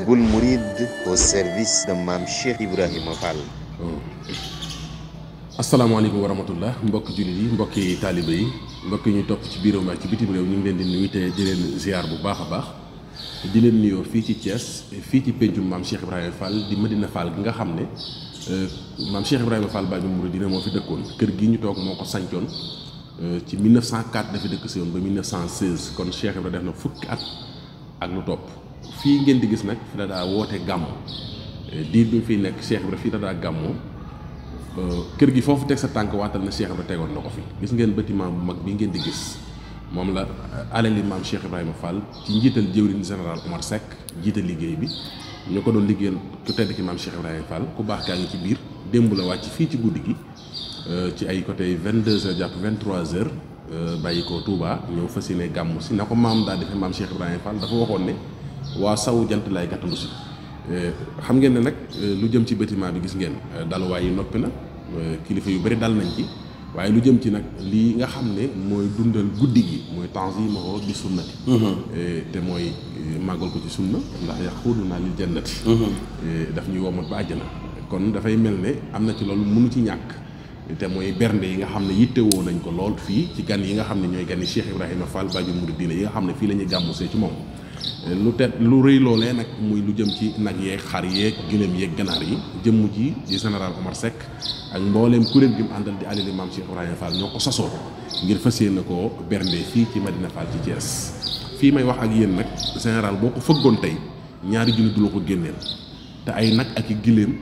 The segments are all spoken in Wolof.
Bul murid au service de Mam Cheikh Ibrahim Fall. Oh. alaykum wa rahmatullah mbok julit yi mbokki taalibe yi mbok ñu top ci biiru ma ci bitim rew ñu ngi leen di nuyu di leen ziar bu baaxa baax di leen nuyu fi ci Thiès fi ci pencum Mam Cheikh Ibrahim Fall di Medina Fall gi nga xamné euh Mam Cheikh Ibrahim Fall mourid dina mo fi dekkone kër gi ñu tok moko santion euh ci 1904 dafa dekk ci yoon ba 1916 kon Cheikh Ibrahim def na fukk at ak lu top fii ngeen di gis nag fi la daa woote gàmmu eh, diir bi fi nekk Cheikh Ibra fii la daa gàmmu eh, kër gi foofu teg sa tànk waatal na Cheikh Ibra tegoon na ko fi gis ngeen bâtiment bu mag bi ngeen di gis moom la eh, alali maam Cheikh Ibrahima Fall ci njiital jëwriñ général Omar Seck jiite liggéey bi ñu ko doon liggéeyal ku tedd ki maam Cheikh Ibrahima Fall ku baax kaa ngi ci biir démb la wàcc fii ci guddi gi ci ay côté 22h jàpp 23h bàyyi ko Touba ñëw fas yéene gàmmu si na ko maam daa defee maam Cheikh Ibrahima Fall dafa waxoon ne. waa sawu jant lay gàttandu si eh, xam ngeen ne nag eh, lu jëm ci bâtiment bi gis ngeen eh, daluwaay yi noppi na kilifa yu bari dal nañ ci waaye lu jëm ci nag lii nga xam ne mooy dundal guddi gi mooy tanzimahu bi sunnati mhm. te mooy màggal ko ci sunna ndax yaxuuduna lil jannati mhm. daf ñuy womat ba àjjana kon dafay mel ne am na ci loolu mënu ci ñàkk te mooy bernde yi nga xam ne yittewoo nañ ko lool fii ci gan yi nga xam ne ñooy gan yi Cheikh Ibrahima Fall Baaju Muridiina yi xam ne fii la ñuy gàmmusee ci moom lu te lu rëy loolee nag muy lu jëm ci nag yeeg xar yeeg gëléem yeeg ganaar yi jëmm ji di général Omar Seck ak mbooleem kuréel gi mu àndal di alali maam Cheikh Ibrahima Fall ñoo ko sasoo ngir fas yéene ko bernde fii ci Madina Fall ci Thiès fii may wax ak yéen nag général boo ko fëggoon tey ñaari junni du la ko génneel te ay nag ak i gëléem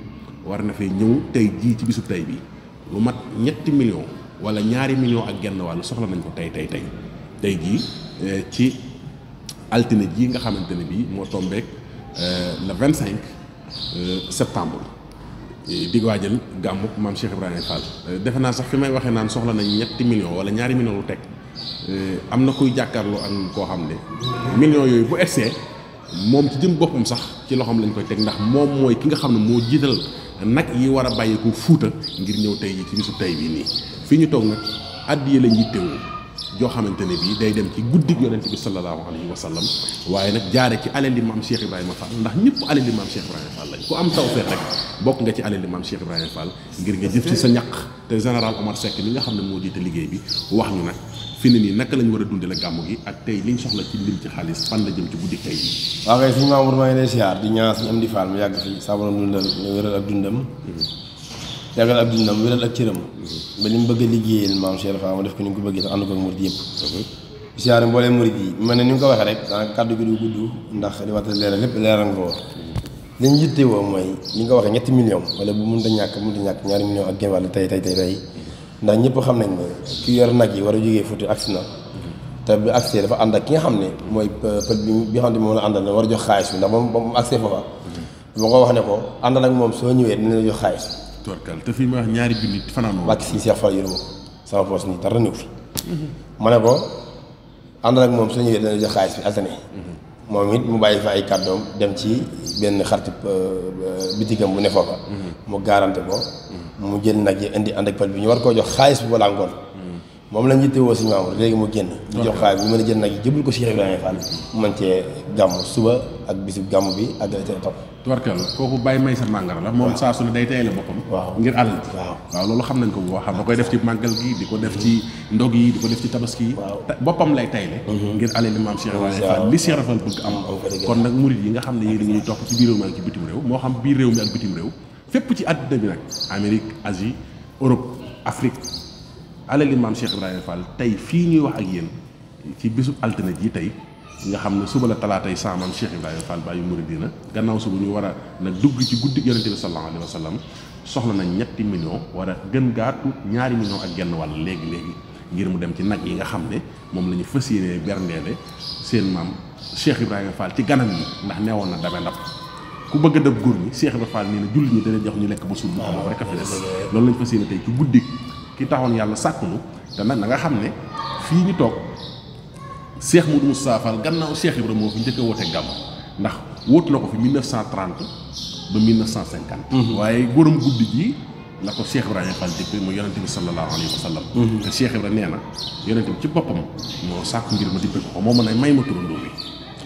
war na fee ñëw tey jii ci bisu tey bi lu mat ñetti million wala ñaari million ak genn wàll soxla nañ ko tey tey tey eh, altine jii nga xamante ne bii moo tombeek euh, la vingt cinq euh, septembre di waajal gàmmu maam Cheikh Ibrahima Fall euh, defe naa sax fi may waxee naan soxla nañ ñetti million wala ñaari million lu teg am na kuy jàkkaarloo ak koo xam ne millions yooyu bu egsee moom ci jëm boppam sax ci loxoom lañ koy teg ndax moom mooy ki nga xam ne moo jiital nag yi war a bàyyi ko fuuta ngir ñëw tey ji ci bisu tey bii nii fii ñu toog nag addiye lañ yittewoo joo xamante ne bii day dem ci guddik yonent bi sallallahu alayhi wa sallam waaye nag jaare ci alali maam Cheikh Ibrahima Fall ndax ñëpp alali maam Cheikh Ibrahima Fall lañ ku am tawfeex rek bokk ci alali maam Cheikh Ibrahima Fall ngir nga jëf ci sa nga xam ne moo jiite liggéey wax ñu nag fi ne nii naka lañ war a dundee la gàmmu gi ak tey liñ soxla ci lim ci la jëm ci guddik tey bi. waaw di ñaan suñu am di Fall mu yàgg fi saa borom dundal wéral ak dundam. Mhm. yàggal ak dundam wéral li mu bëgg a liggéeyal maam Cheikh Fall ma def ko ni mu ko bëggee sax ànd ko ak murid yëpp siyaare mboolee murid yi mel ne ni nga ko waxee rek daa kàddu gi du gudd ndax di waxta leeral lépp leeral nga ko li ñu yitte woo mooy li nga waxee ñetti million wala bu mënta ñàkk mënta ñàkk ñaari million ak genn wàll tey tey tey tey ndax ñëpp xam nañ ne ki yor nag yi war a jógee Fuuta agsi na te bi agsee dafa ànd ak ki nga xam ne mooy pël bi bi nga ne moom la àndal war a jox xaalis bi ndax ba mu agsee foofa dama ko wax ne ko àndal ak moom soo ñëwee dina la jox xaalis tubarkaal te fii ma wax ñaari junni fanaanoo wàcc si Cheikh Fall yéen bokk sama poos nii dara ñëw fi ma ne ko ànd ak moom suñu dana jox xaalis bi altane moom it mu bàyyi fa ay kàddoom dem ci benn xarti euh, euh, bitigam bu ne foofa mhm. mu gaarante ko mhm. mu jël nag yi indi ànd bi ñu war koo jox xaalis bi balaa ngoon moom lañ yittewoo si Mamour léegi mu génn ñu jox xaar bi mën a jël nag ko Cheikh Ibrahima Fall mm. mu mën cee gàmm suba ak bisu gàmm bi ak la ca topp tubarkal kooku bàyyi may sa màngara la moom saa su ne day tayale boppam waaw ngir àll bi waaw loolu xam nañ ko boo xam da koy def ci màggal gi di ko def ci ndog yi di ko def ci tabaski yi boppam lay tayle mm-hmm. ngir àll li maam Cheikh Ibrahima Fall li Cheikh Rafal bëgg am kon nag murid yi nga xam ne yéen dañuy topp ci biir réew mi ak ci moo xam biir réew mi ak bitim réew fépp ci àddina bi nag Amérique Asie Europe alali maam Cheikh Ibrahima Fall tey fii ñuy wax ak yéen ci bisub altine ji tey nga xam ne suba la talaatay saa maam Cheikh Ibrahima Fall bàyyi muridina gannaaw suba ñu war a nag dugg ci guddi yonente bi sallallahu alayhi wa sallam soxla na ñetti million war a gën gaatu ñaari million ak genn wàll léegi léegi ngir mu dem ci nag yi nga xam ne moom la ñu fas yéenee berndeele seen maam Cheikh Ibrahima Fall ci ganam yi ndax woon na dama ndab ku bëgg de dab góor ñi Cheikh Ibrahima Fall nii na julli jox ñu lekk ba suur loolu lañ fas yéene tey guddi ki taxone yalla sakku nu te nak nga xamne fi fii ñu toog cheikh Moudou Moussa Fall gannaaw cheikh Ibra moo fi njëkk wote gam ndax wóotu lako fi 1930 ba 1950. waye gorom guddi ji lako cheikh Ibrahima Fall depp mo yaronte bi sallallahu alayhi wasallam mhm. te cheikh Ibra neena yaronte ci bopam mo sakku ngir ma dippe ko mo mën may ma turu turandoo bi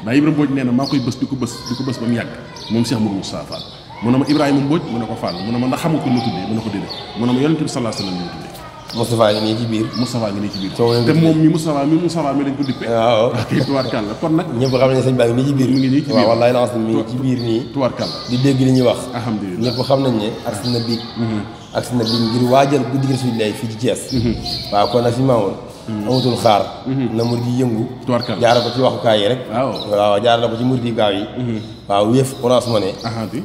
Baye Ibrahima Mbodj neena makoy maa diko bës diko ko bam yag mom cheikh Moudou Moussa Fall mu ne ma Ibrahima Mbodj mu ne Fall mu ne ma ndax xam nga ko ma tuddee mu ne ko mu ne ma bi sallallahu alayhi wasallam sallam la Moustapha ngi nii ci biir Moustapha ngi nii ci biir te moom mi Moustapha mi Moustapha mi lañ ko dippee waaw tubaarkàlla kon nag ñëpp xam ne nii ci biir mi ngi nii ci biir waaw wallaay ci biir nii tubaarkàlla di dégg li ñuy wax alhamdulilah ñëpp xam nañ ne agsi na biig mm-hmm. agsi na biig ngir waajal guddi gi suñu lay fii ci Thiès mm-hmm. waa kon nag fi maamoon Mhm. amatul xaar mhm. na murid yi yëngu jaara ko ci waxukaay yi rek waaw jaara ko ci murid yi gaaw yi mhm. waaw wéef orange moo ne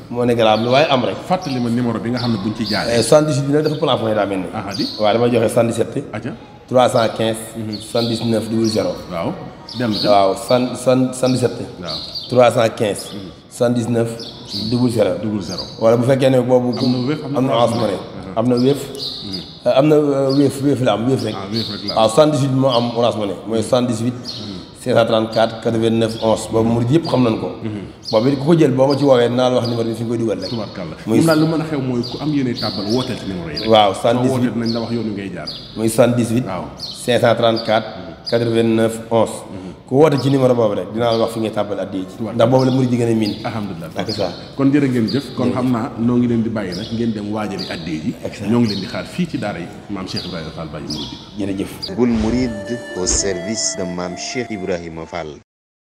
moo ne garaab lu waaye am rek fàttali ma numéro bi nga xam ne buñ ci jaaree 78 eh, bi nag dafa plafonné daa mel ni waaw damay joxe 77 315 79 00 waaw dem waaw 77 315 79 00 00 wala bu fekkee ne boobu am na as ma ne am na wéef am na wéef wéef la am wéef rek waaw 78 moo am orange ma ne mooy 78 534 89 11 boobu murid yëpp xam nañ ko boobu ku ko jël boo ma ci woowee naa la wax numéro bi fi ñu koy dugal rek tubarkalla muy daal lu mën a xew mooy ku am yéene tàbbal wooteel ci numéro yi rek waaw 78 nañ la wax yoonu ngay jaar muy 78 waaw 534 89 11 ku woote ci numéro boobu rek dinaa la wax fi nga tàbbal addiya ji ndax boobu la murid yi a miin alhamdulilah ak ça kon jërë ngeen jëf kon xam naa noo ngi leen di bàyyi nag ngeen dem waajali addiya ji ñoo ngi leen di xaar fii ci daara yi maam Cheikh Ibrahima Fall Baye Mouride jërëjëf Boul Mouride au service de maam Cheikh Ibrahima Fall